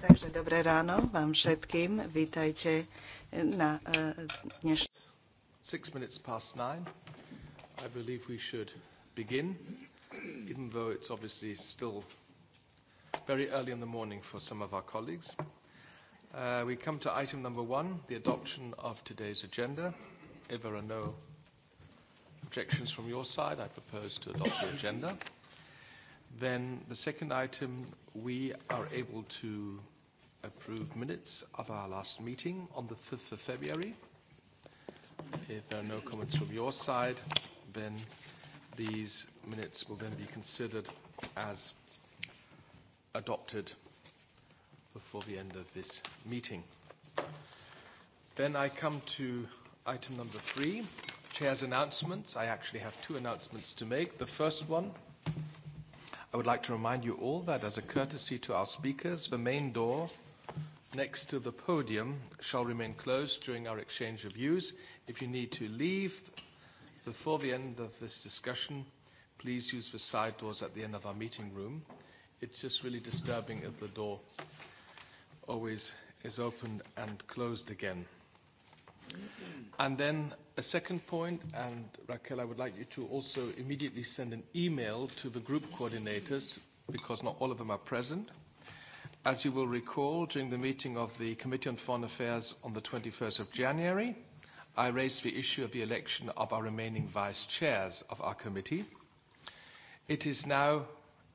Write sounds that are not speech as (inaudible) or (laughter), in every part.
Takže dobré ráno vám všetkým. Vítajte na e, dnešný... Six minutes past nine. I believe we should begin, even though it's obviously still very early in the morning for some of our colleagues. Uh, we come to item number one, the adoption of today's agenda. If there are no objections from your side, I propose to adopt the agenda. Then the second item, we are able to approve minutes of our last meeting on the 5th of February. If there are no comments from your side, then these minutes will then be considered as adopted before the end of this meeting. Then I come to item number three, Chair's announcements. I actually have two announcements to make. The first one i would like to remind you all that as a courtesy to our speakers, the main door next to the podium shall remain closed during our exchange of views. If you need to leave before the end of this discussion, please use the side doors at the end of our meeting room. It's just really disturbing if the door always is opened and closed again. And then a second point, and Raquel, I would like you to also immediately send an email to the group coordinators, because not all of them are present. As you will recall, during the meeting of the Committee on Foreign Affairs on the 21st of January, I raised the issue of the election of our remaining vice chairs of our committee. It is now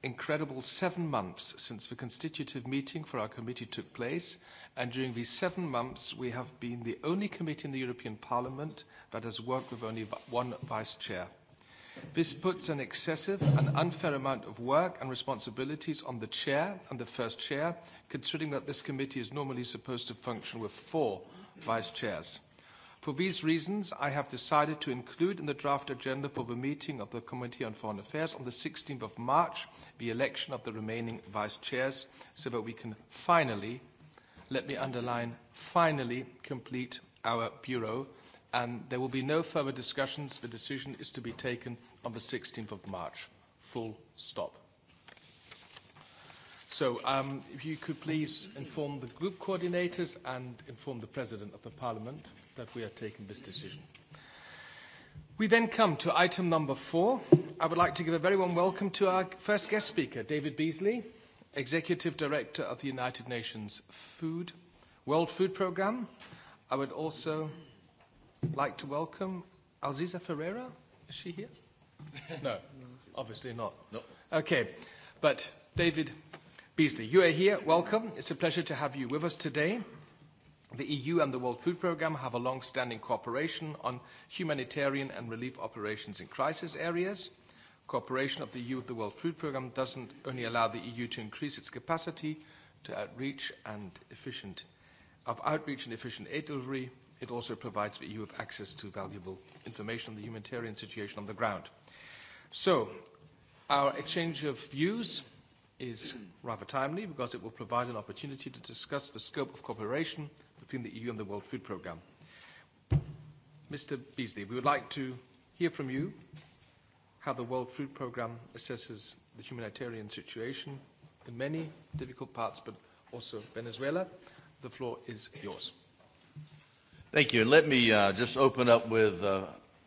incredible seven months since the constitutive meeting for our committee took place, and during these seven months we have been the only committee in the European Parliament that has worked with only one vice chair. This puts an excessive and unfair amount of work and responsibilities on the chair and the first chair, considering that this committee is normally supposed to function with four vice chairs. For these reasons, I have decided to include in the draft agenda for the meeting of the Committee on Foreign Affairs on the 16th of March the election of the remaining vice chairs so that we can finally, let me underline, finally complete our bureau and there will be no further discussions. The decision is to be taken on the 16th of March. Full stop. So um, if you could please inform the group coordinators and inform the President of the Parliament that we are taking this decision. We then come to item number four. I would like to give a very warm welcome to our first guest speaker, David Beasley, Executive Director of the United Nations Food, World Food Programme. I would also like to welcome Alziza Ferreira. Is she here? (laughs) No, obviously not. No. Okay, but David Beasley, you are here. Welcome. It's a pleasure to have you with us today. The EU and the World Food Programme have a long-standing cooperation on humanitarian and relief operations in crisis areas. Cooperation of the EU with the World Food Programme doesn't only allow the EU to increase its capacity to outreach and efficient, of outreach and efficient aid delivery, it also provides the EU with access to valuable information on the humanitarian situation on the ground. So, our exchange of views is rather timely because it will provide an opportunity to discuss the scope of cooperation between the EU and the World Food Programme. Mr. Beasley, we would like to hear from you how the World Food Programme assesses the humanitarian situation in many difficult parts, but also Venezuela. The floor is yours. Thank you. Let me uh, just open up with uh,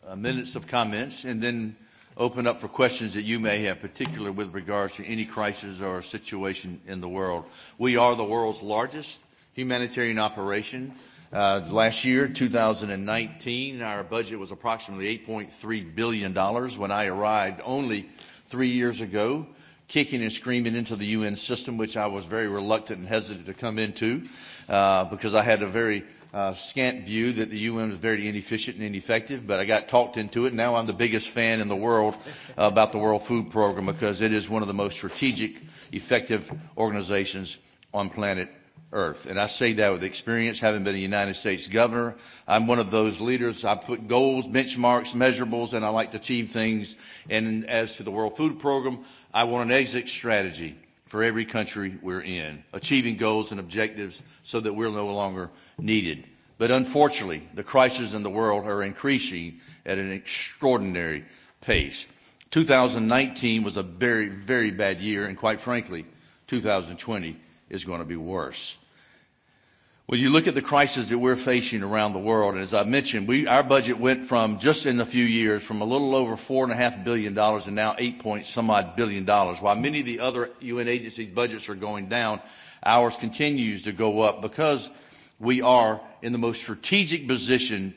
uh, minutes of comments and then open up for questions that you may have, particularly with regards to any crisis or situation in the world. We are the world's largest humanitarian operation. Uh, last year, 2019, our budget was approximately $8.3 billion. When I arrived only three years ago, kicking and screaming into the UN system, which I was very reluctant and hesitant to come into uh, because I had a very uh, scant view that the UN is very inefficient and ineffective, but I got talked into it. Now I'm the biggest fan in the world (laughs) about the World Food Program because it is one of the most strategic, effective organizations on planet Earth. And I say that with experience, having been a United States governor. I'm one of those leaders. I put goals, benchmarks, measurables, and I like to achieve things. And as to the World Food Program, I want an exit strategy for every country we're in, achieving goals and objectives so that we're no longer needed. But unfortunately, the crises in the world are increasing at an extraordinary pace. 2019 was a very, very bad year, and quite frankly, 2020 is going to be worse. Well, you look at the crisis that we're facing around the world, and as I mentioned, we, our budget went from just in a few years from a little over four and a half billion dollars and now eight point some odd billion dollars. While many of the other UN agencies' budgets are going down, ours continues to go up because we are in the most strategic position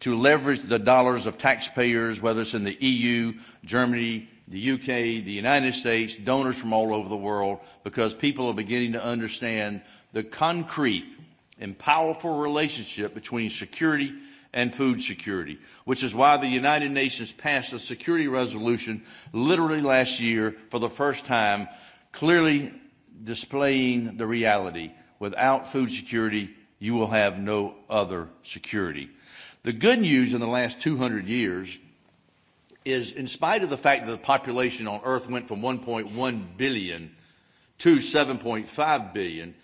to leverage the dollars of taxpayers, whether it's in the EU, Germany, the UK, the United States, donors from all over the world, because people are beginning to understand the concrete and powerful relationship between security and food security, which is why the United Nations passed a security resolution literally last year for the first time, clearly displaying the reality. Without food security, you will have no other security. The good news in the last 200 years is, in spite of the fact that the population on Earth went from 1.1 billion to 7.5 billion,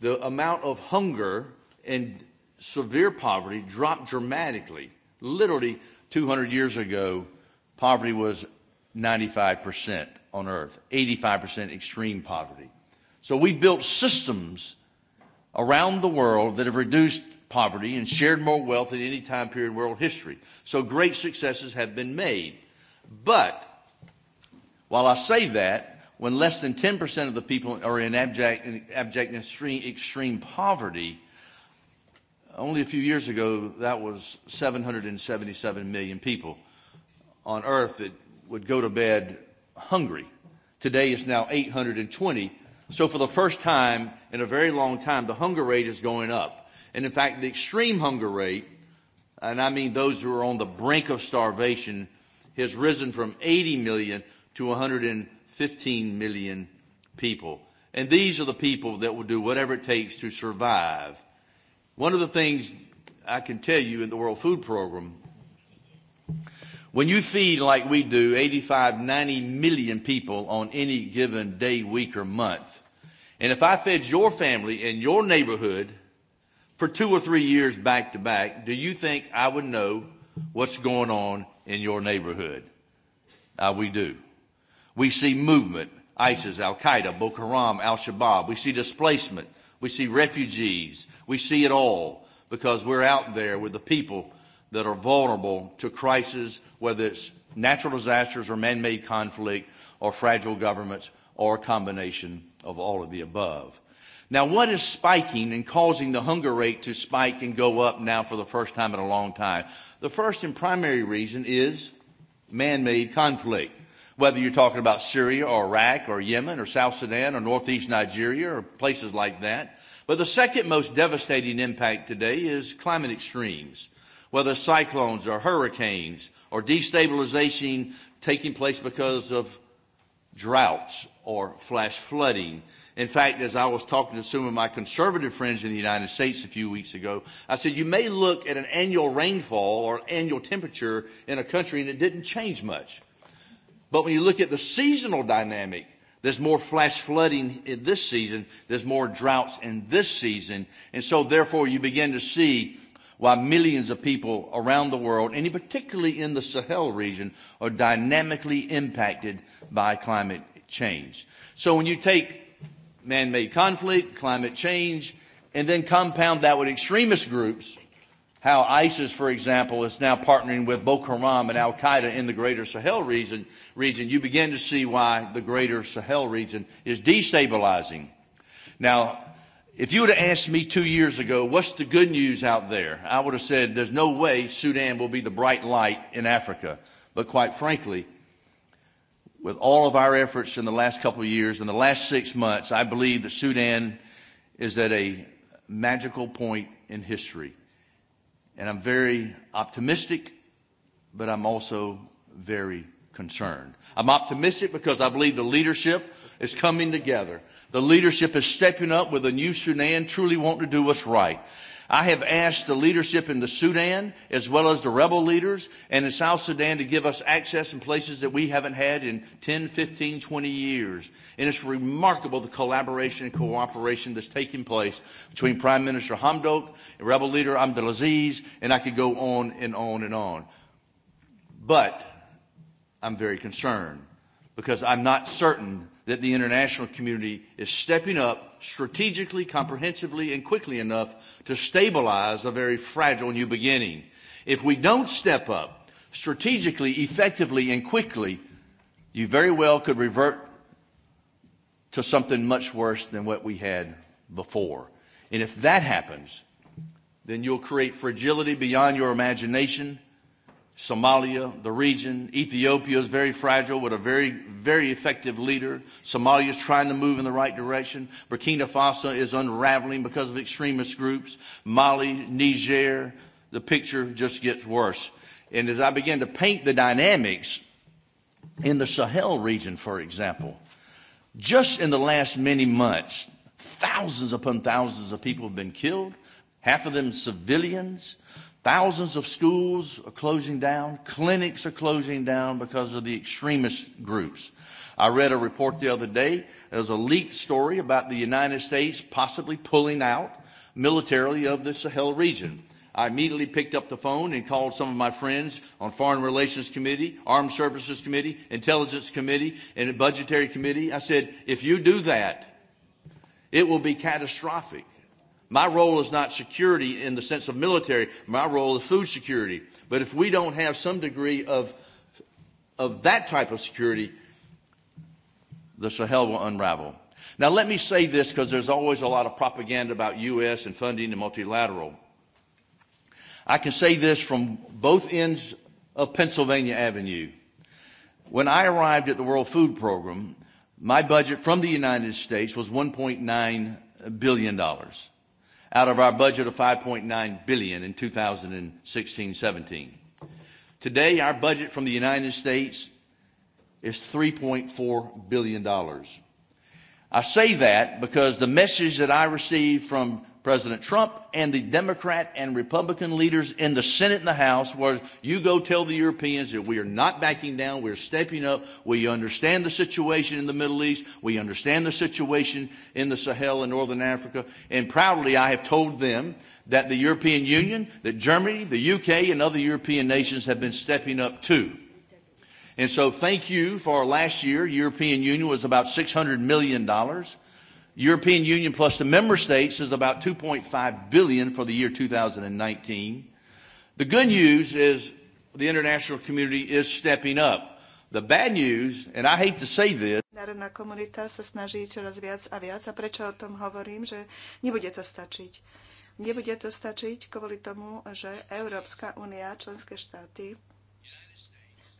the amount of hunger and severe poverty dropped dramatically. Literally 200 years ago, poverty was 95% on earth, 85% extreme poverty. So we built systems around the world that have reduced poverty and shared more wealth than any time period in world history. So great successes have been made. But while I say that, when less than 10% of the people are in abject, in abject extreme, extreme poverty, only a few years ago, that was 777 million people on earth that would go to bed hungry. Today it's now 820. So for the first time in a very long time, the hunger rate is going up. And in fact, the extreme hunger rate, and I mean those who are on the brink of starvation, has risen from 80 million to 100 and 15 million people. And these are the people that will do whatever it takes to survive. One of the things I can tell you in the World Food Program, when you feed like we do 85, 90 million people on any given day, week, or month, and if I fed your family in your neighborhood for two or three years back to back, do you think I would know what's going on in your neighborhood? Uh, we do. We see movement, ISIS, Al-Qaeda, Boko Haram, Al-Shabaab. We see displacement. We see refugees. We see it all because we're out there with the people that are vulnerable to crisis, whether it's natural disasters or man-made conflict or fragile governments or a combination of all of the above. Now, what is spiking and causing the hunger rate to spike and go up now for the first time in a long time? The first and primary reason is man-made conflict whether you're talking about Syria or Iraq or Yemen or South Sudan or Northeast Nigeria or places like that. But the second most devastating impact today is climate extremes, whether cyclones or hurricanes or destabilization taking place because of droughts or flash flooding. In fact, as I was talking to some of my conservative friends in the United States a few weeks ago, I said, you may look at an annual rainfall or annual temperature in a country and it didn't change much. But when you look at the seasonal dynamic, there's more flash flooding in this season. There's more droughts in this season. And so therefore you begin to see why millions of people around the world, and particularly in the Sahel region, are dynamically impacted by climate change. So when you take man-made conflict, climate change, and then compound that with extremist groups how ISIS, for example, is now partnering with Boko Haram and Al Qaeda in the greater Sahel region, region, you begin to see why the greater Sahel region is destabilizing. Now, if you would have asked me two years ago, what's the good news out there? I would have said, there's no way Sudan will be the bright light in Africa. But quite frankly, with all of our efforts in the last couple of years, in the last six months, I believe that Sudan is at a magical point in history And I'm very optimistic, but I'm also very concerned. I'm optimistic because I believe the leadership is coming together. The leadership is stepping up with a new Sudan truly wanting to do what's right. I have asked the leadership in the Sudan, as well as the rebel leaders, and in South Sudan to give us access in places that we haven't had in 10, 15, 20 years. And it's remarkable the collaboration and cooperation that's taking place between Prime Minister Hamdok, and rebel leader Abdelaziz, and I could go on and on and on. But I'm very concerned because I'm not certain that the international community is stepping up strategically, comprehensively, and quickly enough to stabilize a very fragile new beginning. If we don't step up strategically, effectively, and quickly, you very well could revert to something much worse than what we had before. And if that happens, then you'll create fragility beyond your imagination Somalia, the region. Ethiopia is very fragile with a very, very effective leader. Somalia is trying to move in the right direction. Burkina Faso is unraveling because of extremist groups. Mali, Niger, the picture just gets worse. And as I began to paint the dynamics in the Sahel region, for example, just in the last many months, thousands upon thousands of people have been killed, half of them civilians. Thousands of schools are closing down. Clinics are closing down because of the extremist groups. I read a report the other day. There was a leaked story about the United States possibly pulling out militarily of the Sahel region. I immediately picked up the phone and called some of my friends on Foreign Relations Committee, Armed Services Committee, Intelligence Committee, and Budgetary Committee. I said, if you do that, it will be catastrophic. My role is not security in the sense of military. My role is food security. But if we don't have some degree of, of that type of security, the Sahel will unravel. Now, let me say this because there's always a lot of propaganda about U.S. and funding and multilateral. I can say this from both ends of Pennsylvania Avenue. When I arrived at the World Food Program, my budget from the United States was $1.9 billion out of our budget of 5.9 billion in 2016-17. Today, our budget from the United States is 3.4 billion dollars. I say that because the message that I received from President Trump and the Democrat and Republican leaders in the Senate and the House was you go tell the Europeans that we are not backing down, we're stepping up, we understand the situation in the Middle East, we understand the situation in the Sahel and Northern Africa, and proudly I have told them that the European Union, that Germany, the UK, and other European nations have been stepping up too. And so thank you for last year, European Union was about $600 million. European Union plus the member states is about 2.5 billion for the year 2019. The good news is the international community is stepping up. The bad news, and I hate to say this, Národná komunita sa snaží čoraz viac a viac a prečo o tom hovorím, že nebude to stačiť. Nebude to stačiť kvôli tomu, že Európska únia, členské štáty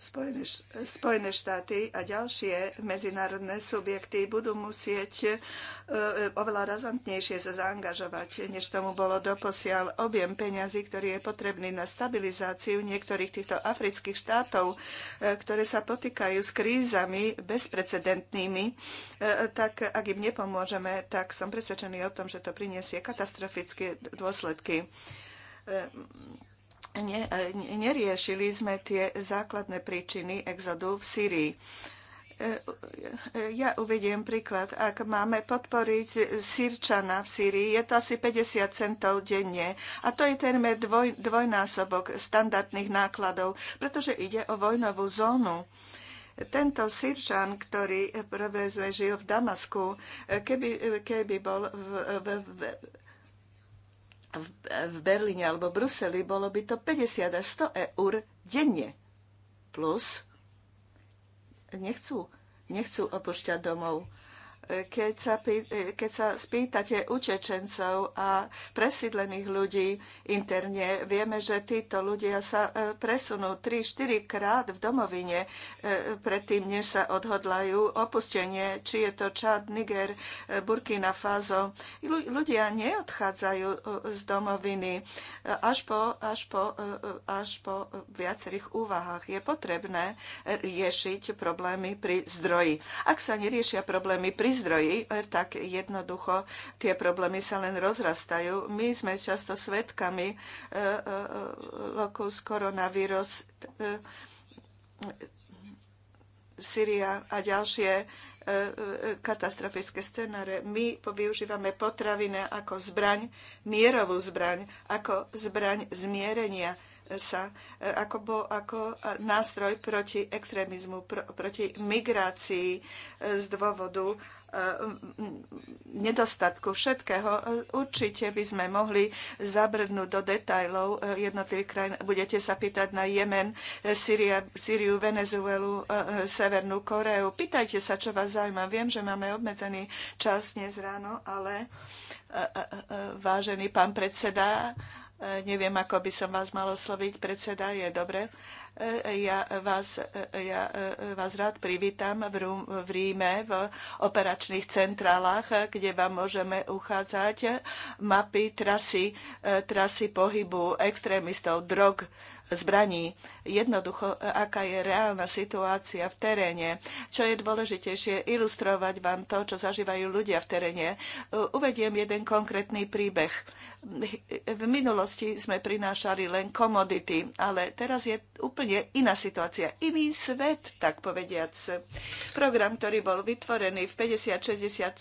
Spojené, Spojené štáty a ďalšie medzinárodné subjekty budú musieť e, e, oveľa razantnejšie sa zaangažovať, než tomu bolo doposiaľ. Objem peňazí, ktorý je potrebný na stabilizáciu niektorých týchto afrických štátov, e, ktoré sa potýkajú s krízami bezprecedentnými, tak ak im nepomôžeme, tak som presvedčený o tom, že to priniesie katastrofické dôsledky ne, e, neriešili sme tie základné príčiny exodu v Syrii. E, e, ja uvediem príklad. Ak máme podporiť sírčana v Sýrii, je to asi 50 centov denne. A to je ten dvoj, dvojnásobok standardných nákladov, pretože ide o vojnovú zónu tento Sirčan, ktorý prvé žil v Damasku, keby, keby bol v, v, v, v Berlíne alebo Bruseli, bolo by to 50 až 100 eur denne. Plus nechcú, nechcú opúšťať domov keď sa, keď sa spýtate učečencov a presídlených ľudí interne, vieme, že títo ľudia sa e, presunú 3-4 krát v domovine e, predtým, než sa odhodlajú opustenie, či je to Čad, Niger, e, Burkina Faso. Ľudia neodchádzajú z domoviny až po, až po, až po viacerých úvahách. Je potrebné riešiť problémy pri zdroji. Ak sa neriešia problémy pri zdroji, eh, tak jednoducho tie problémy sa len rozrastajú. My sme často svetkami eh, eh, locus koronavírus, Syria a ďalšie katastrofické scenáre. My využívame potraviny ako zbraň, mierovú zbraň, ako zbraň zmierenia sa e, ako, bo, ako e, nástroj proti extrémizmu, pro, proti migrácii e, z dôvodu nedostatku všetkého. Určite by sme mohli zabrnúť do detajlov jednotlivých krajín. Budete sa pýtať na Jemen, Syria, Syriu, Venezuelu, Severnú Koreu. Pýtajte sa, čo vás zaujíma. Viem, že máme obmedzený čas dnes ráno, ale vážený pán predseda, E, neviem, ako by som vás mal osloviť, predseda, je dobre. E, ja vás, e, ja vás rád privítam v, Rúm, v Ríme, v operačných centrálach, kde vám môžeme uchádzať mapy trasy, trasy pohybu extrémistov, drog, zbraní. Jednoducho, aká je reálna situácia v teréne. Čo je dôležitejšie, ilustrovať vám to, čo zažívajú ľudia v teréne. Uvediem jeden konkrétny príbeh. V minulosti sme prinášali len komodity, ale teraz je úplne iná situácia, iný svet, tak povediac. Program, ktorý bol vytvorený v 50,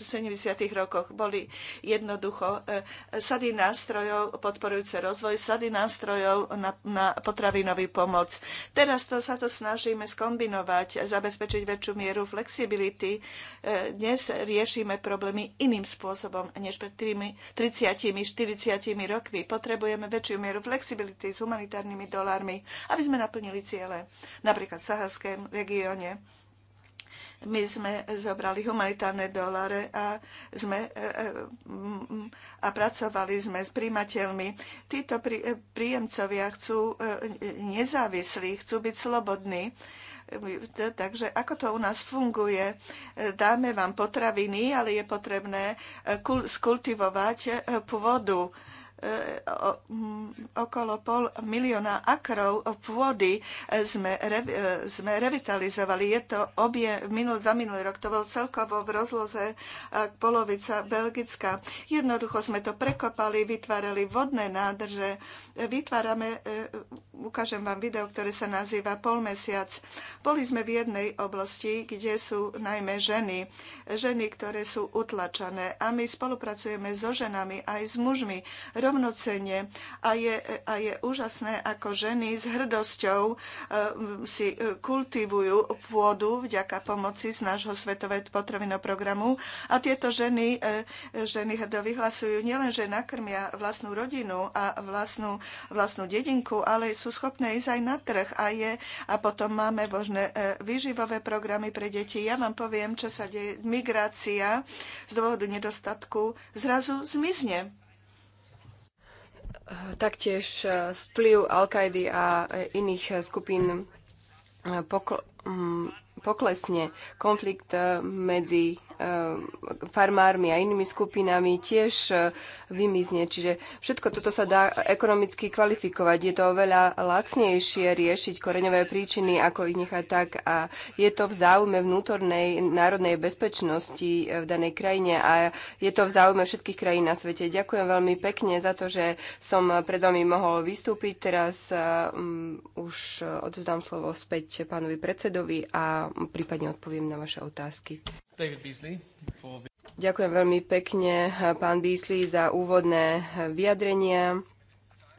60, 70 rokoch, boli jednoducho eh, sady nástrojov podporujúce rozvoj, sady nástrojov na, na potom potravinovú pomoc. Teraz to, sa to snažíme skombinovať, zabezpečiť väčšiu mieru flexibility. E, dnes riešime problémy iným spôsobom než pred 30-40 rokmi. Potrebujeme väčšiu mieru flexibility s humanitárnymi dolármi, aby sme naplnili ciele, napríklad v sahalském regióne my sme zobrali humanitárne doláre a, sme, e, e, a pracovali sme s príjimateľmi. Títo e, príjemcovia chcú nezávislí, chcú byť slobodní. Takže ako to u nás funguje? Dáme vám potraviny, ale je potrebné skultivovať pôdu E, okolo pol milióna akrov pôdy sme, e, sme revitalizovali. Je to obie, minul, za minulý rok to bol celkovo v rozloze e, polovica Belgická. Jednoducho sme to prekopali, vytvárali vodné nádrže, vytvárame, ukážem vám video, ktoré sa nazýva Polmesiac. Boli sme v jednej oblasti, kde sú najmä ženy. Ženy, ktoré sú utlačané. A my spolupracujeme so ženami aj s mužmi rovnocene. A je, a je úžasné, ako ženy s hrdosťou e, si e, kultivujú pôdu vďaka pomoci z nášho Svetového potravinového programu. A tieto ženy, e, ženy hrdo vyhlasujú nielen, že nakrmia vlastnú rodinu a vlastnú, vlastnú dedinku, ale sú schopné ísť aj na trh. A, je, a potom máme možné výživové programy pre deti. Ja vám poviem, čo sa deje. Migrácia z dôvodu nedostatku zrazu zmizne taktiež e, vplyv Al-Kaidy a e, iných e, skupín pokl- poklesne. Konflikt medzi E, farmármi a inými skupinami tiež e, vymizne. Čiže všetko toto sa dá ekonomicky kvalifikovať. Je to oveľa lacnejšie riešiť koreňové príčiny, ako ich nechať tak. A je to v záujme vnútornej národnej bezpečnosti e, v danej krajine a je to v záujme všetkých krajín na svete. Ďakujem veľmi pekne za to, že som pred vami mohol vystúpiť. Teraz um, už odzdám slovo späť pánovi predsedovi a prípadne odpoviem na vaše otázky. David Beasley for... Ďakujem veľmi pekne, pán Beasley, za úvodné vyjadrenia.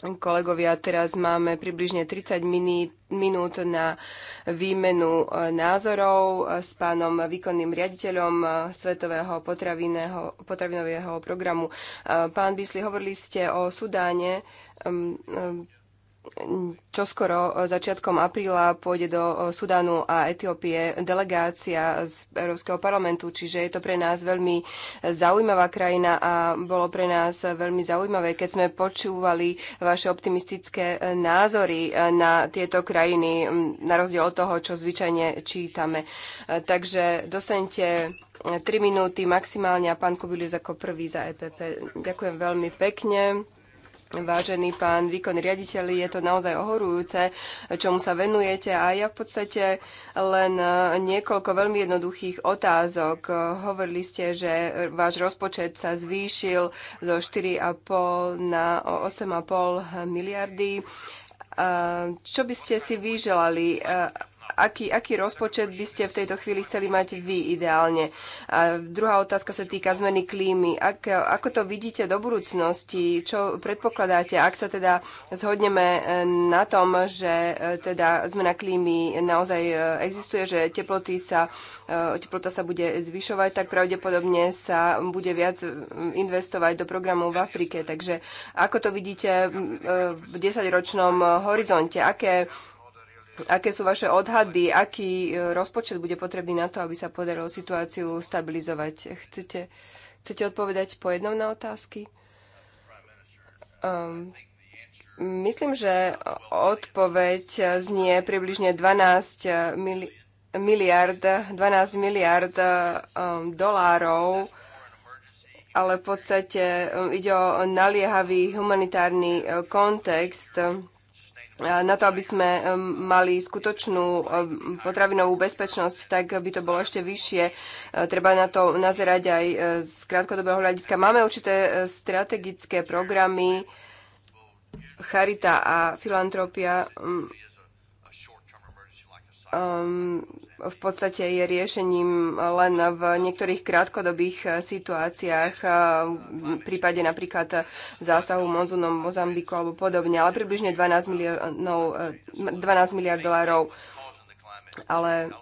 Kolegovia, teraz máme približne 30 minút, minút na výmenu eh, názorov eh, s pánom výkonným riaditeľom eh, Svetového potravinového programu. Pán Bisli, hovorili ste o Sudáne čoskoro e, začiatkom apríla pôjde do e, Sudánu a Etiópie delegácia z Európskeho parlamentu, čiže je to pre nás veľmi e, zaujímavá krajina a bolo pre nás veľmi zaujímavé, keď sme počúvali vaše optimistické názory na tieto krajiny, na rozdiel od toho, čo zvyčajne čítame. Takže dostanete 3 minúty maximálne a pán Kubilius ako prvý za EPP. Ďakujem veľmi pekne. Vážený pán výkon riaditeľ, je to naozaj ohorujúce, čomu sa venujete a ja v podstate len e, niekoľko veľmi jednoduchých otázok. Hovorili ste, že váš rozpočet sa zvýšil zo 4,5 na 8,5 miliardy. E, čo by ste si vyželali? E, aký, aký rozpočet by ste v tejto chvíli chceli mať vy ideálne? A druhá otázka sa týka zmeny klímy. Ak, ako to vidíte do budúcnosti? Čo predpokladáte, ak sa teda zhodneme eh, na tom, že eh, teda zmena klímy naozaj eh, existuje, že teploty sa, teplota sa bude zvyšovať, tak pravdepodobne sa bude viac mm, investovať do programov v Afrike. Takže ako to vidíte mm, v desaťročnom horizonte? Aké Aké sú vaše odhady? Aký e, rozpočet bude potrebný na to, aby sa podarilo situáciu stabilizovať? Chcete, chcete odpovedať po jednom na otázky? Um, myslím, že odpoveď znie približne 12 e, mili- miliard, 12 miliard um, dolárov, ale v podstate ide o naliehavý humanitárny kontext. E, na to, aby sme e, mali skutočnú e, potravinovú bezpečnosť, tak by to bolo ešte vyššie. Treba na to nazerať aj z krátkodobého hľadiska. Máme určité strategické programy, charita a filantropia. Um, v podstate je riešením len v niektorých krátkodobých eh, situáciách, eh, v prípade napríklad eh, zásahu monzunom Mozambiku alebo podobne, ale približne 12 miliard, no, 12 miliard dolárov. Ale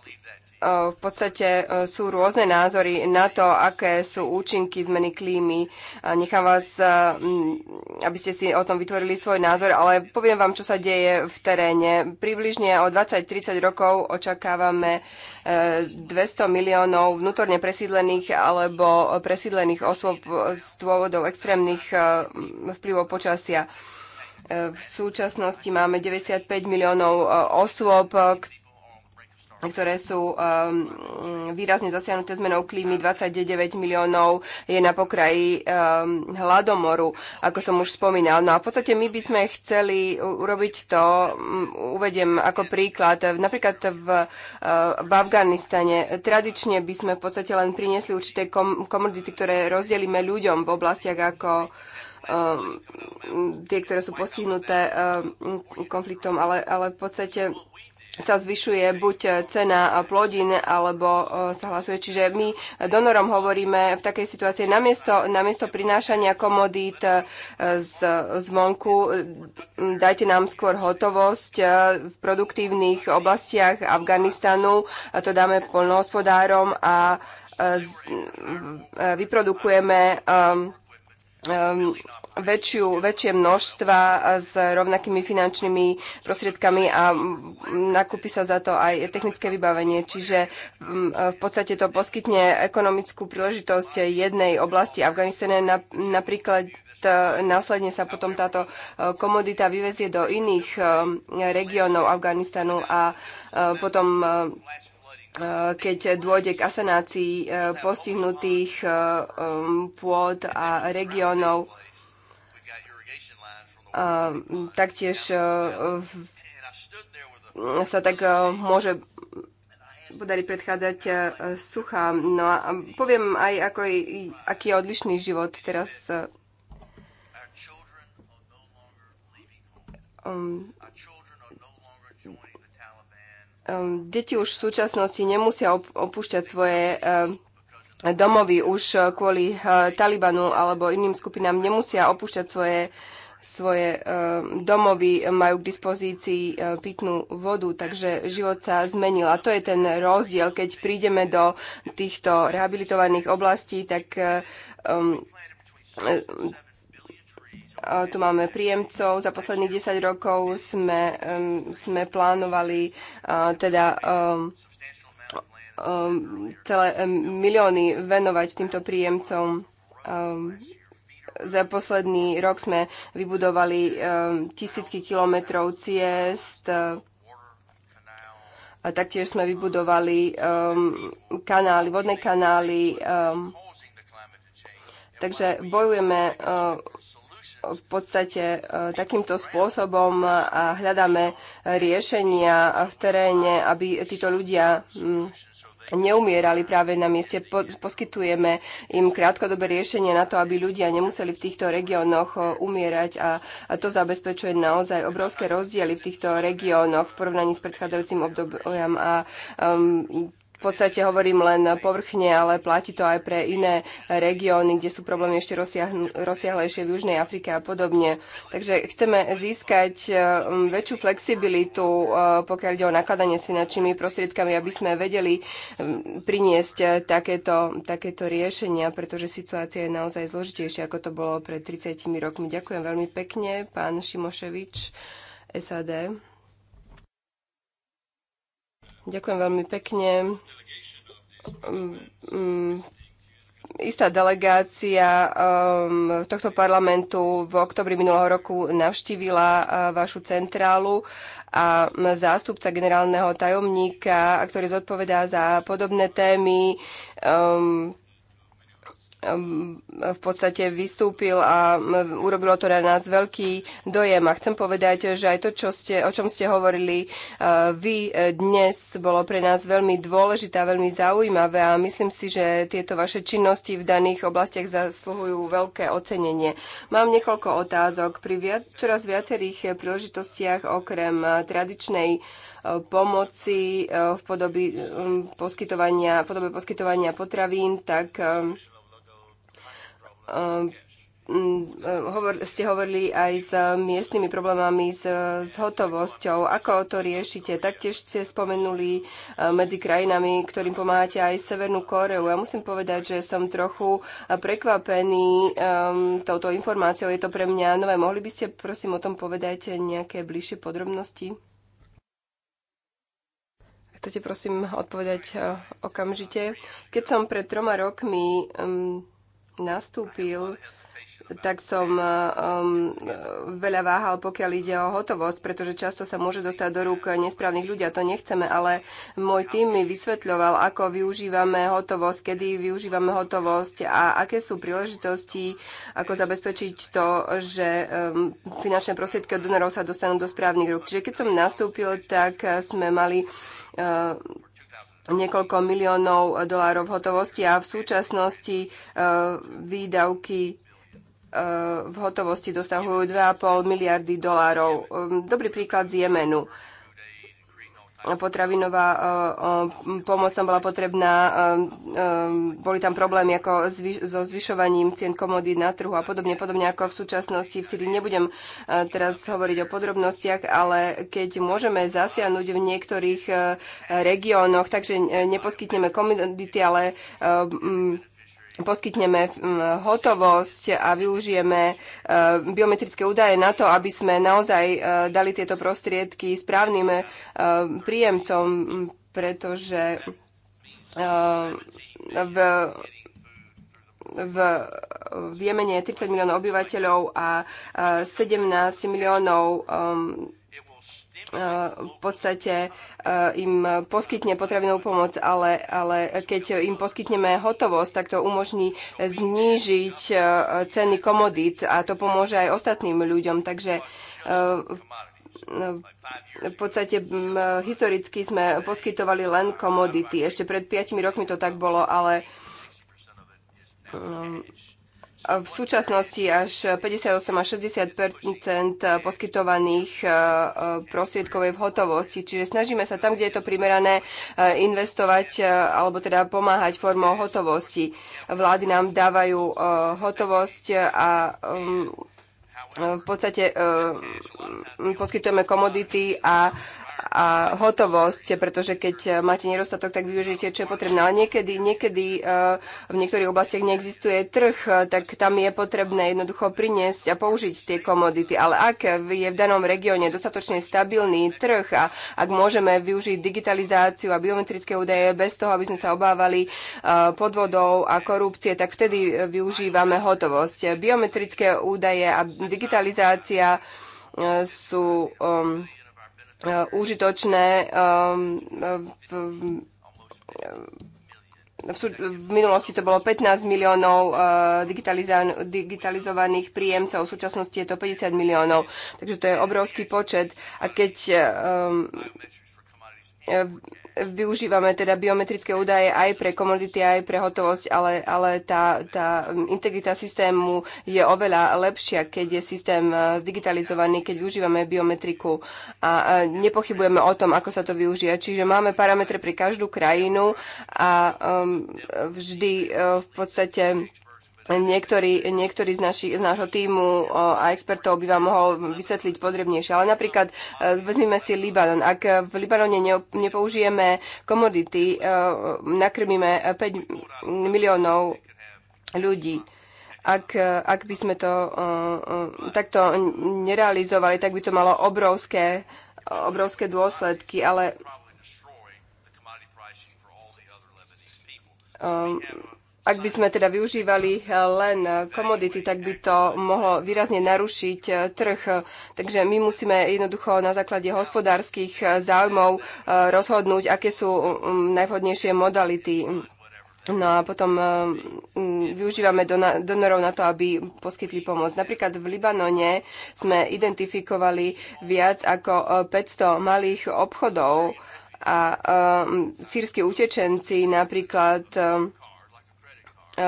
v podstate e, sú rôzne názory na to, aké sú účinky zmeny klímy. E, nechám vás, e, aby ste si o tom vytvorili svoj názor, ale poviem vám, čo sa deje v teréne. Približne o 20-30 rokov očakávame 200 miliónov vnútorne presídlených alebo presídlených osôb z dôvodov extrémnych vplyvov počasia. V súčasnosti máme 95 miliónov osôb, ktoré sú um, výrazne zasiahnuté zmenou klímy. 29 miliónov je na pokraji um, hladomoru, ako som už spomínal. No a v podstate my by sme chceli urobiť to, um, uvediem ako príklad, napríklad v, uh, v Afganistane. Tradične by sme v podstate len priniesli určité kom- komodity, ktoré rozdelíme ľuďom v oblastiach ako um, tie, ktoré sú postihnuté um, konfliktom, ale, ale v podstate sa zvyšuje buď cena plodín, alebo e, sa hlasuje. Čiže my donorom hovoríme v takej situácii, namiesto, namiesto prinášania komodít e, z, z vonku, dajte nám skôr hotovosť e, v produktívnych oblastiach Afganistanu, to dáme polnohospodárom a z, vyprodukujeme um, um, väčšiu, väčšie množstva s rovnakými finančnými prostriedkami a nakúpi sa za to aj technické vybavenie. Čiže mm, v podstate to poskytne ekonomickú príležitosť jednej oblasti Afganistane. Napríklad e, následne sa potom táto e, komodita vyvezie do iných e, regiónov Afganistanu a potom keď dôjde k asanácii postihnutých pôd a regiónov a taktiež sa tak môže podariť predchádzať suchá. No a poviem aj, ako je, aký je odlišný život teraz. Um, um, deti už v súčasnosti nemusia opúšťať svoje domovy už kvôli Talibanu alebo iným skupinám nemusia opúšťať svoje svoje eh, domovy, majú k dispozícii eh, pitnú vodu, takže život sa zmenil. A to je ten rozdiel, keď prídeme do týchto rehabilitovaných oblastí, tak eh, um, tu máme príjemcov. Za posledných 10 rokov sme, sme plánovali teda celé milióny venovať týmto príjemcom za posledný rok sme vybudovali um, tisícky kilometrov ciest, uh, a taktiež sme vybudovali um, kanály, vodné kanály. Um, takže bojujeme uh, v podstate uh, takýmto spôsobom a hľadáme riešenia v teréne, aby títo ľudia um, neumierali práve na mieste. Po, poskytujeme im krátkodobé riešenie na to, aby ľudia nemuseli v týchto regiónoch eh, umierať a, a to zabezpečuje naozaj obrovské rozdiely v týchto regiónoch v porovnaní s predchádzajúcim obdobiam a um, v podstate hovorím len povrchne, ale platí to aj pre iné regióny, kde sú problémy ešte rozsiahlejšie v Južnej Afrike a podobne. Takže chceme získať e, väčšiu flexibilitu, e, pokiaľ ide o nakladanie s finančnými prostriedkami, aby sme vedeli priniesť takéto, takéto riešenia, pretože situácia je naozaj zložitejšia, ako to bolo pred 30 rokmi. Ďakujem veľmi pekne, pán Šimoševič, SAD. Ďakujem veľmi pekne. Mm, mm, istá delegácia um, tohto parlamentu v oktobri minulého roku navštívila uh, vašu centrálu a zástupca generálneho tajomníka, ktorý zodpovedá za podobné témy, um, v podstate vystúpil a urobilo to na nás veľký dojem. A chcem povedať, že aj to, čo ste, o čom ste hovorili e, vy e, dnes, bolo pre nás veľmi dôležité a veľmi zaujímavé a myslím si, že tieto vaše činnosti v daných oblastiach zasluhujú veľké ocenenie. Mám niekoľko otázok. Pri viac, čoraz viacerých príležitostiach okrem e, tradičnej pomoci v podobe poskytovania, podobe poskytovania potravín, tak Ehm, ehm, hovor, ste hovorili aj s miestnymi problémami s, s hotovosťou. Ako to riešite? Taktiež ste spomenuli ehm, medzi krajinami, ktorým pomáhate aj Severnú Koreu. Ja musím povedať, že som trochu prekvapený um, touto informáciou. Je to pre mňa nové. Mohli by ste prosím o tom povedať nejaké bližšie podrobnosti? Chcete prosím odpovedať eh, okamžite? Keď som pred troma rokmi um, nastúpil, tak som um, veľa váhal, pokiaľ ide o hotovosť, pretože často sa môže dostať do rúk nesprávnych ľudí a to nechceme, ale môj tým mi vysvetľoval, ako využívame hotovosť, kedy využívame hotovosť a aké sú príležitosti, ako zabezpečiť to, že um, finančné prostriedky od donorov sa dostanú do správnych rúk. Čiže keď som nastúpil, tak sme mali uh, niekoľko miliónov dolárov v hotovosti a v súčasnosti e, výdavky e, v hotovosti dosahujú 2,5 miliardy dolárov. Ehm, dobrý príklad z Jemenu potravinová e, e, pomoc tam bola potrebná, e, boli tam problémy ako so zvyšovaním cien komodít na trhu a podobne, podobne ako v súčasnosti v Syrii. Nebudem teraz hovoriť o podrobnostiach, ale keď môžeme zasiahnuť v niektorých regiónoch, takže neposkytneme komodity, ale poskytneme mm, hotovosť a využijeme e, biometrické údaje na to, aby sme naozaj e, dali tieto prostriedky správnym e, príjemcom, pretože v, v, v Jemene je 30 miliónov obyvateľov a 17 miliónov um, v podstate e, im poskytne potravinovú pomoc, ale, ale keď im poskytneme hotovosť, tak to umožní znížiť e, ceny komodít a to pomôže aj ostatným ľuďom. Takže e, v podstate historicky sme poskytovali len komodity. Ešte pred 5 rokmi to tak bolo, ale v súčasnosti až 58 až 60 poskytovaných e, e, prostriedkov je v hotovosti, čiže snažíme sa tam, kde je to primerané, e, investovať alebo teda pomáhať formou hotovosti. Vlády nám dávajú hotovosť a v podstate poskytujeme komodity a a hotovosť, pretože keď máte nedostatok, tak využijete, čo je potrebné. Ale niekedy, niekedy e, v niektorých oblastiach neexistuje trh, e, tak tam je potrebné jednoducho priniesť a použiť tie komodity. Ale ak je v danom regióne dostatočne stabilný trh a ak môžeme využiť digitalizáciu a biometrické údaje bez toho, aby sme sa obávali e, podvodov a korupcie, tak vtedy využívame hotovosť. Biometrické údaje a digitalizácia sú um, Eh, užitočné ehm, v minulosti to bolo 15 miliónov eh, digitalizovaných príjemcov, v súčasnosti je to 50 miliónov, takže to je obrovský počet. A keď ehm, eh, využívame teda biometrické údaje aj pre komodity, aj pre hotovosť, ale, ale tá, tá integrita systému je oveľa lepšia, keď je systém e, zdigitalizovaný, keď využívame biometriku a nepochybujeme o tom, ako sa to využije. Čiže máme parametre pre každú krajinu a um, vždy uh, v podstate Niektorí, niektorý z, naši, z nášho týmu a expertov by vám mohol vysvetliť podrobnejšie. Ale napríklad e, vezmime si Libanon. Ak v Libanone nepoužijeme komodity, e, nakrmíme 5 e, miliónov ľudí ak, ak by sme to uh, takto nerealizovali, tak by to malo obrovské, obrovské dôsledky, ale um, ak by sme teda využívali eh, len eh, komodity, tak by to mohlo výrazne narušiť eh, trh. Takže my musíme jednoducho na základe hospodárskych záujmov rozhodnúť, aké sú mm, mm, najvhodnejšie modality. No a potom mm, využívame donorov na to, aby poskytli pomoc. Napríklad v Libanone sme identifikovali viac ako 500 malých obchodov a sírsky utečenci napríklad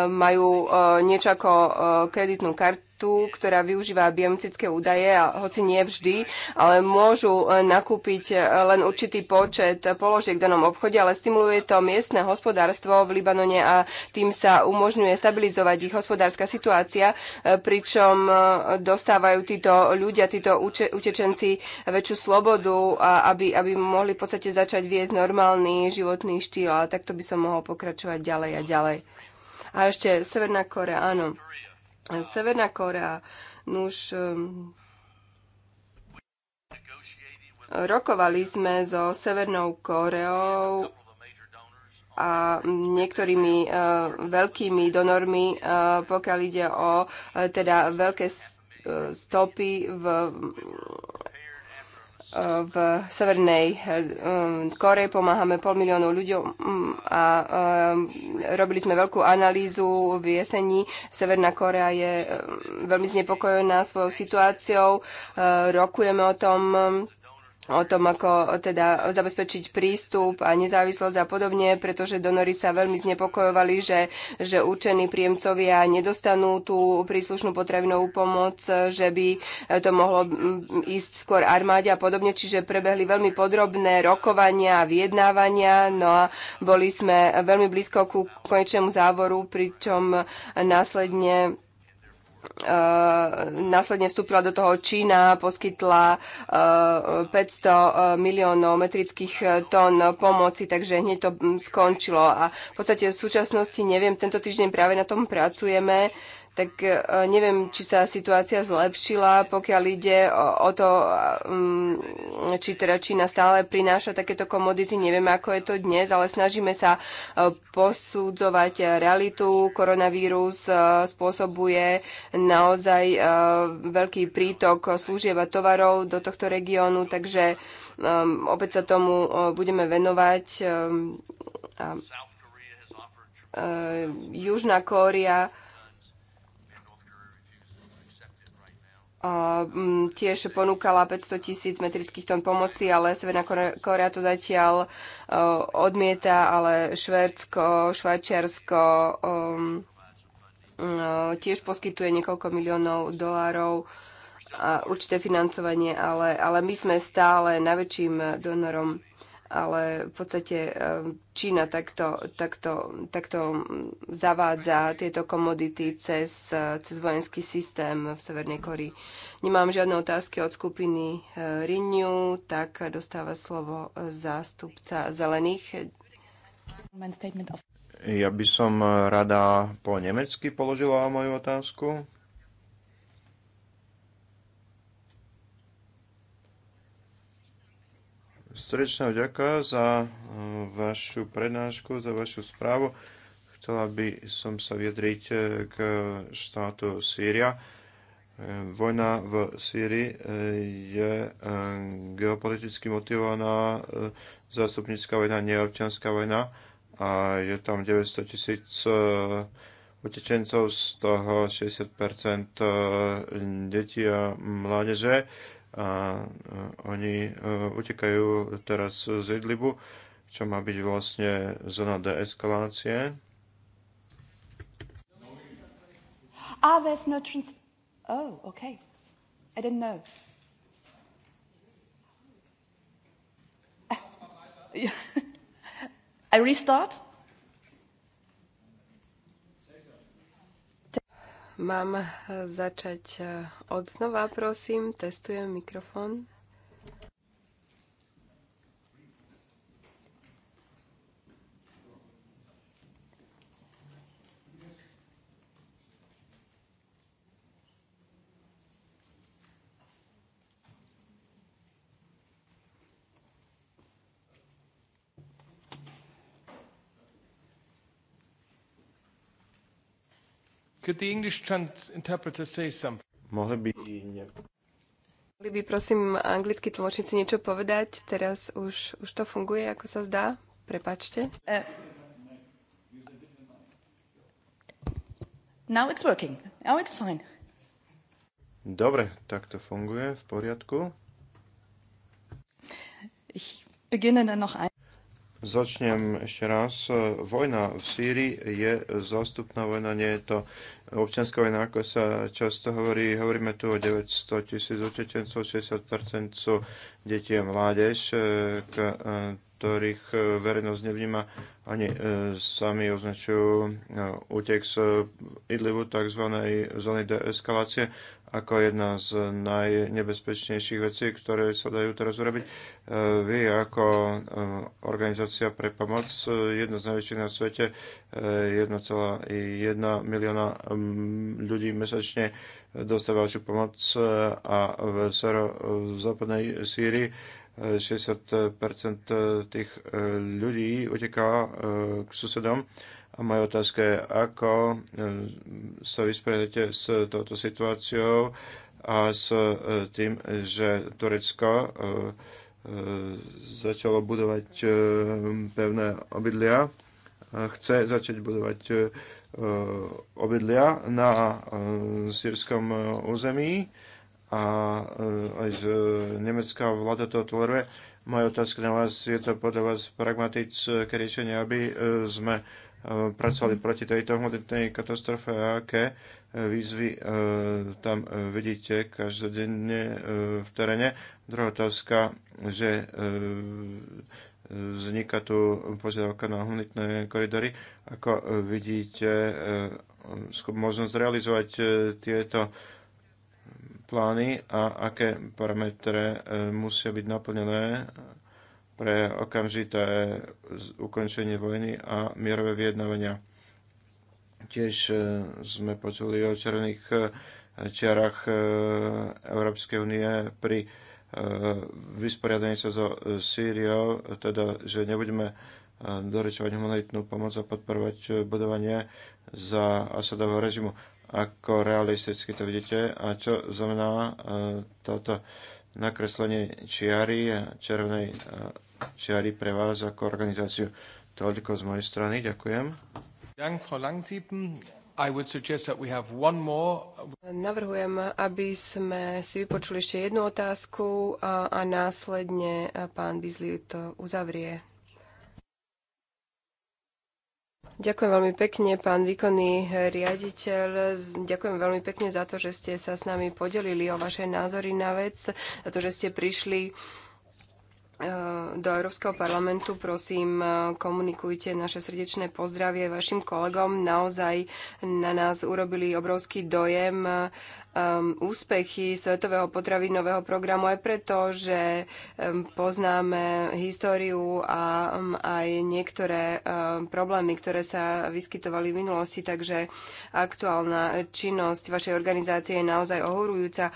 majú e, niečo ako e, kreditnú kartu, ktorá využíva biometrické údaje, a hoci nie vždy, ale môžu e, nakúpiť len určitý počet položiek v danom obchode, ale stimuluje to miestne hospodárstvo v Libanone a tým sa umožňuje stabilizovať ich hospodárska situácia, pričom dostávajú títo ľudia, títo utečenci väčšiu slobodu, aby, aby mohli v podstate začať viesť normálny životný štýl. A takto by som mohol pokračovať ďalej a ďalej. A ešte Severná Korea, áno. Severná Korea, nuž... Ehm, rokovali sme so Severnou Koreou a niektorými uh, veľkými donormi, uh, pokiaľ ide o uh, teda veľké e, stopy v v Severnej eh, um, Korei, pomáhame pol miliónu ľuďom mm, a eh, robili sme veľkú analýzu v jesení. Severná Korea je eh, veľmi znepokojená svojou situáciou, rokujeme o tom o tom, ako teda zabezpečiť prístup a nezávislosť a podobne, pretože donory sa veľmi znepokojovali, že, že určení príjemcovia nedostanú tú príslušnú potravinovú pomoc, že by e, to mohlo ísť skôr armáde a podobne, čiže prebehli veľmi podrobné rokovania a vyjednávania, no a boli sme veľmi blízko ku konečnému závoru, pričom následne Ehm, následne vstúpila do toho Čína, poskytla 500 ehm, ehm, miliónov metrických eh, tón pomoci, takže hneď to hm, skončilo. A v podstate v súčasnosti, neviem, tento týždeň práve na tom pracujeme, tak e, neviem, či sa situácia zlepšila, pokiaľ ide o, to, mm, či teda Čína stále prináša takéto komodity. Neviem, ako je to dnes, ale snažíme sa e, posudzovať realitu. Koronavírus e, spôsobuje naozaj veľký prítok služieb a tovarov do tohto regiónu, takže opäť sa tomu budeme venovať. Južná Kória Mm, tiež ponúkala 500 tisíc metrických tón pomoci, ale Severná Korea to zatiaľ e, odmieta, ale Švédsko, Švajčiarsko um, e, tiež poskytuje niekoľko miliónov dolárov a určité financovanie, ale, ale my sme stále najväčším donorom ale v podstate ehm, Čína takto, takto, takto zavádza tieto komodity cez, eh, cez vojenský systém v Severnej Korii. Nemám žiadne otázky od skupiny eh, Renew, tak dostáva slovo eh, zástupca zelených. Ja by som rada po nemecky položila moju otázku. Srdečná vďaka za mm, vašu prednášku, za vašu správu. Chcela by som sa vyjadriť e, k štátu Sýria. E, vojna v Sýrii e, je geopoliticky motivovaná zástupnícká vojna, nie občianská vojna. A je tam 900 tisíc utečencov, z toho 60 detí a mládeže a oni e, utekajú teraz z Idlibu, čo má byť vlastne zóna deeskalácie. Ah, there's no Oh, okay. I didn't know. (laughs) I restart? Mám eh, začať eh, od znova, prosím. Testujem mikrofón. Could the English interpreter say something? Mohli by... Mohli by prosím anglickí tlmočníci niečo povedať? Teraz už, už to funguje, ako sa zdá? Prepačte. Uh, now it's working. Now it's fine. Dobre, tak to funguje, v poriadku. Ich beginne dann noch ein... Začnem ešte raz. Vojna v Sýrii je zástupná vojna, nie je to občianská vojna, ako sa často hovorí. Hovoríme tu o 900 tisíc utečencov, 60% sú deti a mládež, eh, ktorých eh, verejnosť nevníma oni e, sami označujú e, útek z e, Idlivu, tzv. zóny deeskalácie, ako jedna z najnebezpečnejších vecí, ktoré sa dajú teraz urobiť. Vy ako organizácia pre pomoc, jedna z najväčších na svete, 1,1 milióna ľudí mesačne dostáva vašu pomoc a v, v západnej Sýrii 60% eh, tých eh, ľudí uteká eh, k susedom. A moja otázka je, ako sa vysporiadate s touto situáciou a s tým, že Turecko začalo budovať pevné obydlia, chce začať budovať obydlia na sírskom území a e, aj z e, nemecká vláda to toleruje. Moja otázka na vás, je to podľa vás pragmatické riešenie, aby e, sme pracovali proti tejto humanitnej katastrofe a aké výzvy tam vidíte každodenne v teréne. Druhá otázka, že vzniká tu požiadavka na humanitné koridory. Ako vidíte možnosť realizovať tieto plány a aké parametre e, musia byť naplnené pre okamžité ukončenie vojny a mierové vyjednávania. Tiež e, sme počuli o černých e, čiarach Európskej únie pri vysporiadaní sa so Sýriou, teda, že nebudeme doričovať humanitnú pomoc a podporovať budovanie za Asadového režimu ako realisticky to vidíte a čo znamená e, toto nakreslenie čiary, červenej e, čiary pre vás ako organizáciu. Toľko z mojej strany, ďakujem. Navrhujem, aby sme si vypočuli ešte jednu otázku a, a následne pán Bizli to uzavrie. Ďakujem veľmi pekne, pán výkonný riaditeľ. Ďakujem veľmi pekne za to, že ste sa s nami podelili o vaše názory na vec, za to, že ste prišli e, do Európskeho parlamentu. Prosím, e, komunikujte naše srdečné pozdravie vašim kolegom. Naozaj na nás urobili obrovský dojem e, um, úspechy Svetového potravinového programu aj preto, že um, poznáme históriu a um, aj niektoré um, problémy, ktoré sa vyskytovali v minulosti, takže aktuálna činnosť vašej organizácie je naozaj ohorujúca.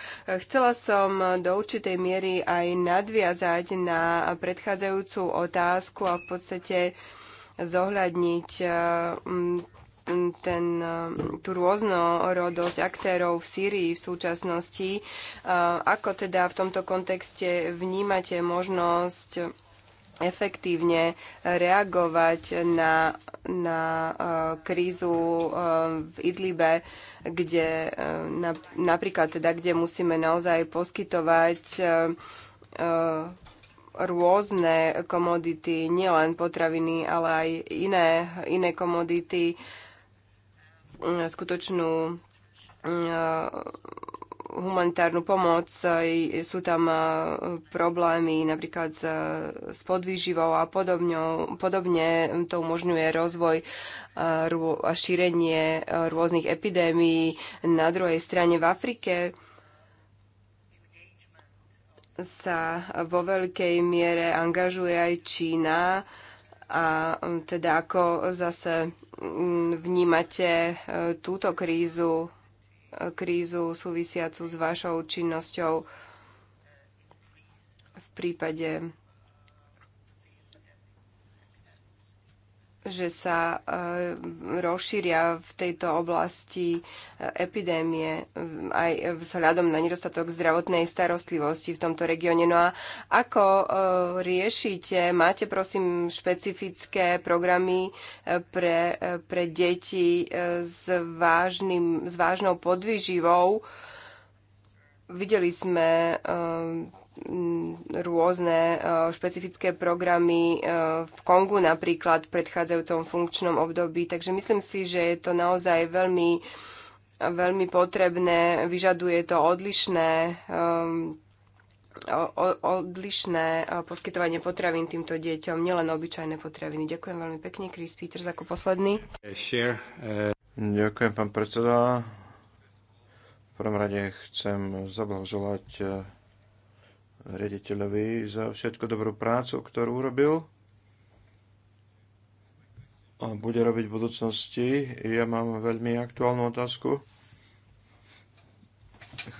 Chcela som do určitej miery aj nadviazať na predchádzajúcu otázku a v podstate zohľadniť um, ten, tú rôznorodosť aktérov v Sýrii v súčasnosti. Ako teda v tomto kontexte vnímate možnosť efektívne reagovať na, na krízu v Idlibe, kde na, napríklad teda, kde musíme naozaj poskytovať rôzne komodity, nielen potraviny, ale aj iné, iné komodity skutočnú mm, e, humanitárnu pomoc. Sú tam e, problémy napríklad s podvýživou a podobne. To umožňuje rozvoj e, a šírenie rôznych epidémií. Na druhej strane v Afrike sa vo veľkej miere angažuje aj Čína a mm, teda ako zase mm, vnímate e, túto krízu, e, krízu súvisiacu s vašou činnosťou v prípade že sa eh, rozšíria v tejto oblasti eh, epidémie eh, aj vzhľadom na nedostatok zdravotnej starostlivosti v tomto regióne. No a ako riešite? Máte prosím špecifické programy pre, pre deti s, vážnym, s vážnou podvýživou? Videli sme Mm, rôzne e, špecifické programy e, v Kongu napríklad v predchádzajúcom funkčnom období. Takže myslím si, že je to naozaj veľmi, veľmi potrebné, vyžaduje to odlišné, ehm, odlišné e, poskytovanie potravín týmto deťom, nielen obyčajné potraviny. Ďakujem veľmi pekne, Chris Peters ako posledný. Ďakujem, pán predseda. V prvom rade chcem zablahoželať rediteľovi za všetko dobrú prácu, ktorú urobil a bude robiť v budúcnosti. Ja mám veľmi aktuálnu otázku.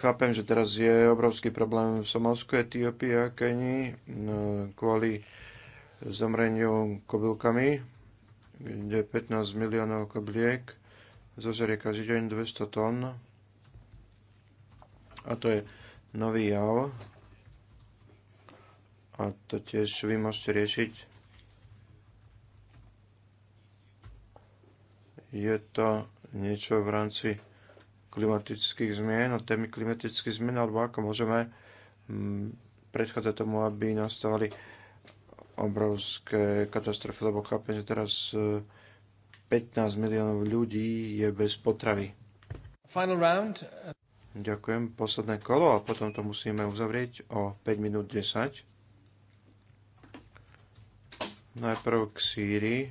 Chápem, že teraz je obrovský problém v Somálsku, Etiópii a Kenii no, kvôli zomreniu kobylkami, kde 15 miliónov kobliek zožerie každý deň 200 tón. A to je nový jav, a to tiež vy môžete riešiť. Je to niečo v rámci klimatických zmien a no témy klimatických zmien, alebo ako môžeme mm, predchádzať tomu, aby nastávali obrovské katastrofy, lebo chápem, že teraz 15 e, miliónov ľudí je bez potravy. Final round. Ďakujem. Posledné kolo a potom to musíme uzavrieť o 5 minút 10. Najprv k Sýrii.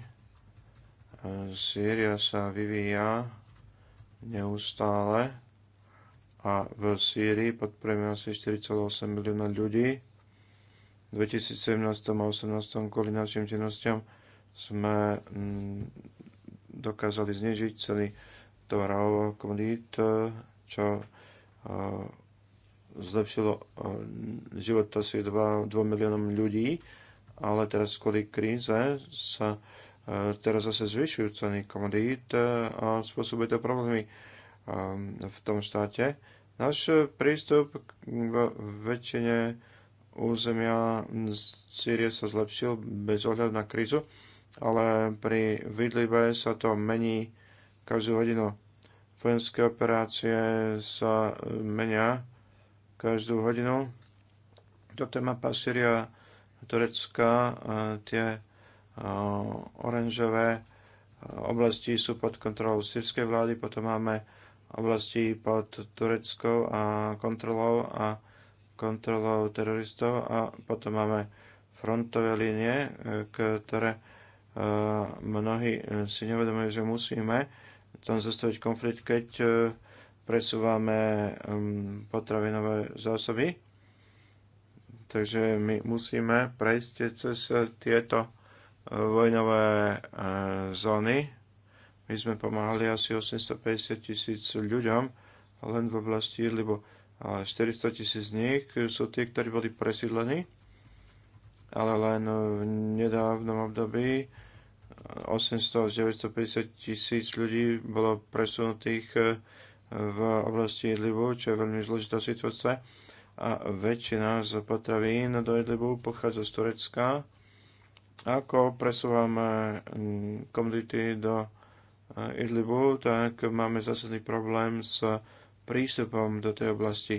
Sýria sa vyvíja neustále a v Sýrii podporujeme asi 4,8 milióna ľudí. V 2017 a 2018 kvôli našim činnostiam sme mm, dokázali znižiť celý tovarov komodít, čo zlepšilo život asi 2, 2 miliónom ľudí ale teraz kvôli kríze sa e, teraz zase zvyšujú ceny komodít e, a spôsobuje to problémy e, v tom štáte. Náš prístup v väčšine územia Sýrie sa zlepšil bez ohľadu na krízu, ale pri Vidlibe sa to mení každú hodinu. Vojenské operácie sa menia každú hodinu. Toto je mapa Sýria Turecka. E, tie e, oranžové e, oblasti sú pod kontrolou sírskej vlády, potom máme oblasti pod tureckou a kontrolou a kontrolou teroristov a potom máme frontové línie, ktoré mnohí si nevedomujú, že musíme tam zastaviť konflikt, keď presúvame potravinové zásoby Takže my musíme prejsť cez tieto vojnové e, zóny. My sme pomáhali asi 850 tisíc ľuďom len v oblasti lebo 400 tisíc z nich sú tie, ktorí boli presídlení, ale len v nedávnom období 800 až 950 tisíc ľudí bolo presunutých e, v oblasti Idlibu, čo je veľmi zložitá situácia a väčšina z potravín do Idlibu pochádza z Turecka. Ako presúvame mm, komodity do eh, Idlibu, tak máme zásadný problém s prístupom do tej oblasti.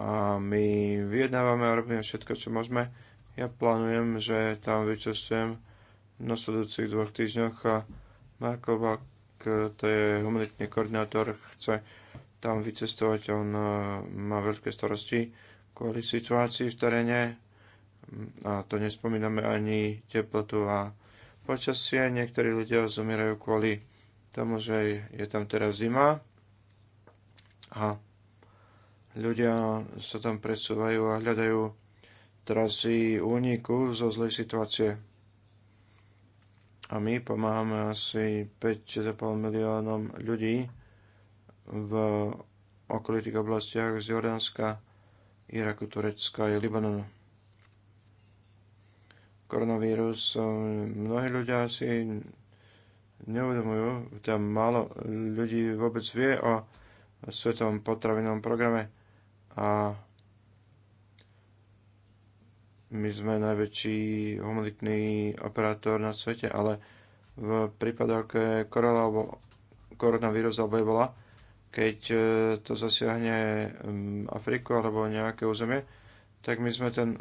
A my vyjednávame a robíme všetko, čo môžeme. Ja plánujem, že tam vyčastujem v nasledujúcich dvoch týždňoch a Marko Bak, eh, to je humanitný koordinátor, chce tam vycestovať. On e, má veľké starosti kvôli situácii v teréne a to nespomíname ani teplotu a počasie. Niektorí ľudia zomierajú kvôli tomu, že je tam teraz zima a ľudia sa tam presúvajú a hľadajú trasy úniku zo zlej situácie. A my pomáhame asi 5-6,5 miliónom ľudí v okolitých oblastiach z Jordánska, Iraku, Turecka a Libanonu. Koronavírus eh, mnohí ľudia si neuvedomujú, tam málo ľudí vôbec vie o svetovom potravinovom programe a my sme najväčší humanitný operátor na svete, ale v prípadoch, eh, korona alebo koronavírus alebo ebola, keď e, to zasiahne Afriku alebo nejaké územie, tak my sme ten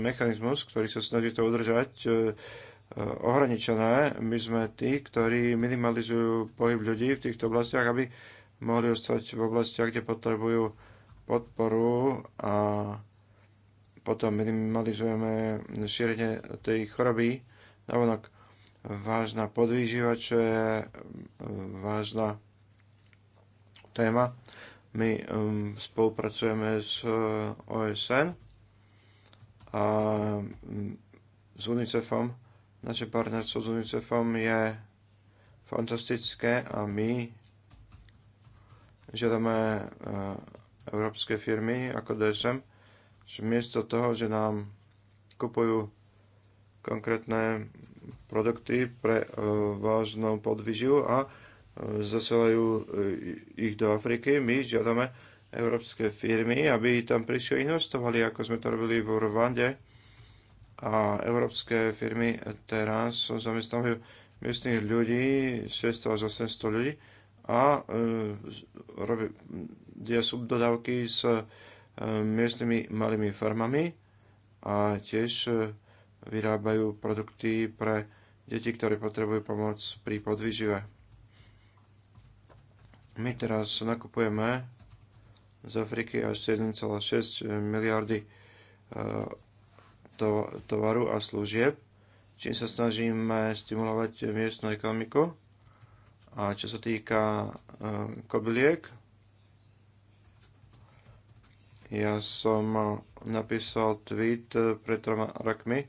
mechanizmus, ktorý sa snaží to udržať, e, e, ohraničené. My sme tí, ktorí minimalizujú pohyb ľudí v týchto oblastiach, aby mohli ostať v oblastiach, kde potrebujú podporu a potom minimalizujeme šírenie tej choroby. Navonok vážna podvýživa, čo je vážna téma. My um, spolupracujeme s uh, OSN a um, s UNICEFom. Naše partnerstvo s UNICEFom je fantastické a my žiadame uh, európske firmy ako DSM, že miesto toho, že nám kupujú konkrétne produkty pre uh, vážnu podvyživu a zasielajú e, ich do Afriky. My žiadame európske firmy, aby tam prišli investovali, ako sme to robili v Rwande. A európske firmy teraz zamestnávajú miestných ľudí, 600 až 800 ľudí a e, sú subdodávky s e, miestnymi malými farmami a tiež e, vyrábajú produkty pre deti, ktoré potrebujú pomoc pri podvyžive. My teraz nakupujeme z Afriky až 7,6 miliardy e, tovaru a služieb, čím sa snažíme stimulovať miestnu ekonomiku. A čo sa týka e, kobyliek, ja som napísal tweet pred troma rokmi,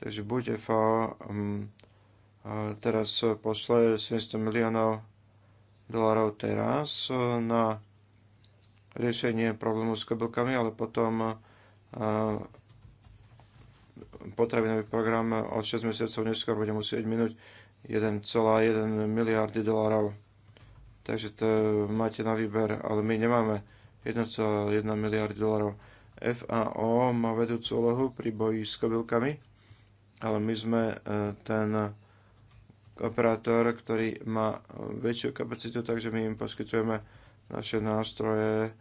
takže buď FAO teraz pošle 700 miliónov dolárov teraz e, na riešenie problému s kabelkami, ale potom e, potravinový program o 6 mesiacov neskôr bude musieť minúť 1,1 miliardy dolárov. Takže to máte na výber, ale my nemáme 1,1 miliardy dolárov. FAO má vedúcu úlohu pri boji s kobylkami, ale my sme e, ten operátor, ktorý má eh, väčšiu kapacitu, takže my im poskytujeme naše nástroje, eh,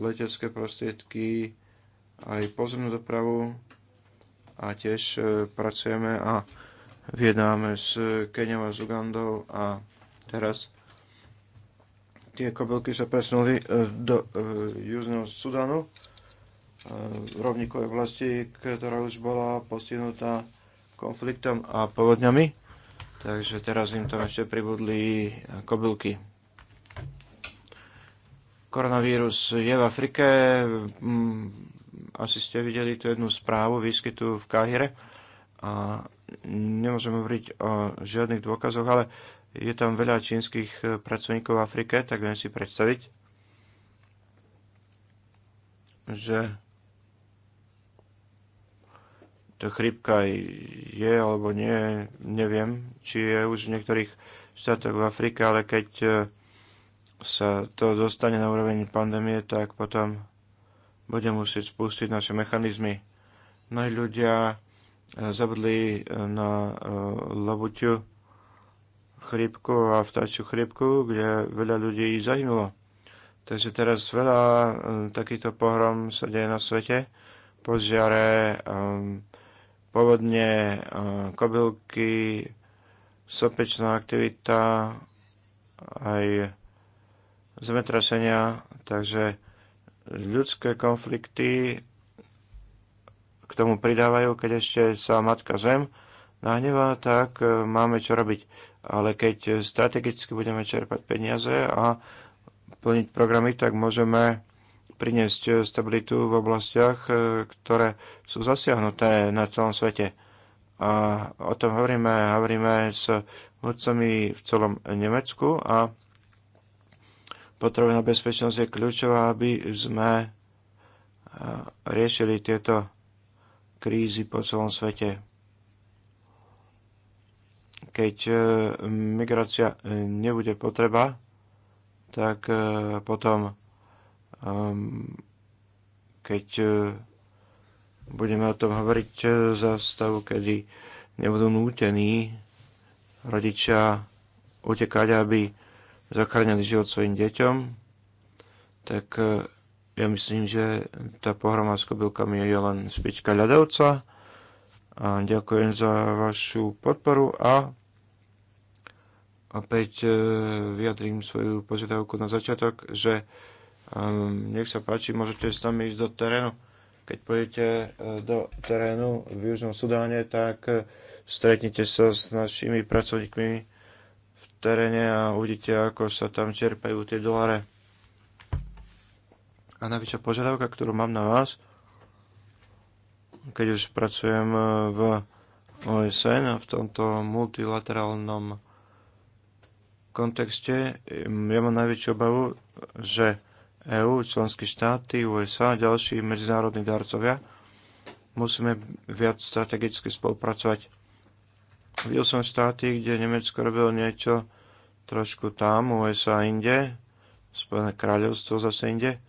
letecké prostriedky, aj pozemnú dopravu a tiež eh, pracujeme a vyjednáme s Keniou a Zugandou Ugandou a teraz tie kobylky sa presunuli do Južného Sudanu, rovníkovej vlasti, ktorá už bola postihnutá konfliktom a povodňami. Takže teraz im tam ešte pribudli eh, kobylky. Koronavírus je v Afrike. Mm, asi ste videli tú jednu správu výskytu v Káhire. A nemôžem hovoriť o žiadnych dôkazoch, ale je tam veľa čínskych eh, pracovníkov v Afrike, tak viem si predstaviť, že chrípka je alebo nie, neviem, či je už v niektorých štátoch v Afrike, ale keď e, sa to dostane na úroveň pandémie, tak potom bude musieť spustiť naše mechanizmy. i ľudia e, zabudli e, na labuťu chrípku a vtáčiu chrípku, kde veľa ľudí zahynulo. Takže teraz veľa takýchto pohrom sa deje na svete. Požiare, um, Pôvodne e, kobylky, sopečná aktivita, aj zemetrasenia, takže ľudské konflikty k tomu pridávajú, keď ešte sa matka zem nahnevá, tak e, máme čo robiť. Ale keď strategicky budeme čerpať peniaze a plniť programy, tak môžeme priniesť eh, stabilitu v oblastiach, eh, ktoré sú zasiahnuté na celom svete. A o tom hovoríme, hovoríme s vodcami v celom Nemecku a potrebná bezpečnosť je kľúčová, aby sme eh, riešili tieto krízy po celom svete. Keď migrácia nebude potreba, tak potom Ehm, keď e, budeme o tom hovoriť e, za stavu, kedy nebudú nútení rodičia utekať, aby zachránili život svojim deťom, tak e, ja myslím, že tá pohroma s kobylkami je len špička ľadovca. A ďakujem za vašu podporu a opäť vyjadrím svoju požiadavku na začiatok, že Um, nech sa páči, môžete s nami ísť do terénu. Keď pôjdete e, do terénu v Južnom Sudáne, tak e, stretnite sa s našimi pracovníkmi v teréne a uvidíte, ako sa tam čerpajú tie doláre. A najväčšia požiadavka, ktorú mám na vás, keď už pracujem e, v OSN v tomto multilaterálnom kontexte, ja mám najväčšiu obavu, že EÚ, členské štáty, USA a ďalší medzinárodní darcovia. Musíme viac strategicky spolupracovať. Videl som štáty, kde Nemecko robilo niečo trošku tam, USA inde, Spojené kráľovstvo zase inde.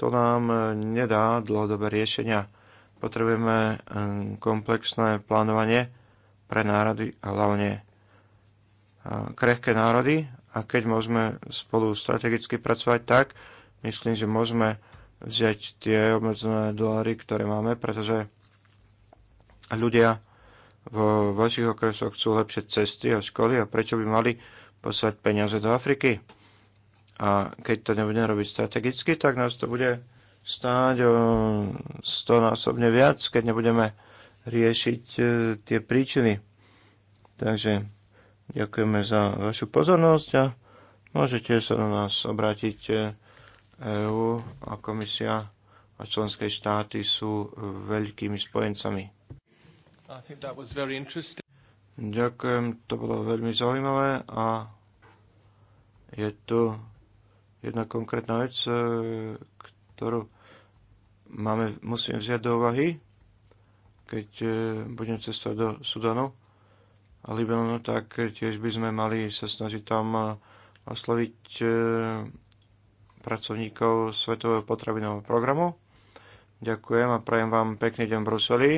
To nám e, nedá dlhodobé riešenia. Potrebujeme e, komplexné plánovanie pre národy a hlavne e, krehké národy a keď môžeme spolu strategicky pracovať tak, myslím, že môžeme vziať tie obmedzené doláry, ktoré máme, pretože ľudia vo vašich okresoch chcú lepšie cesty a školy a prečo by mali poslať peniaze do Afriky? A keď to nebudeme robiť strategicky, tak nás to bude stáť o stonásobne viac, keď nebudeme riešiť e, tie príčiny. Takže ďakujeme za vašu pozornosť a môžete sa na nás obrátiť e, EÚ a komisia a členské štáty sú veľkými spojencami. Ďakujem, to bolo veľmi zaujímavé a je tu jedna konkrétna vec, e, ktorú máme, musím vziať do úvahy, keď e, budem cestovať do Sudanu a Libanonu, tak tiež by sme mali sa snažiť tam e, osloviť pracovníkov Svetového potravinového programu. Ďakujem a prajem vám pekný deň v Bruseli.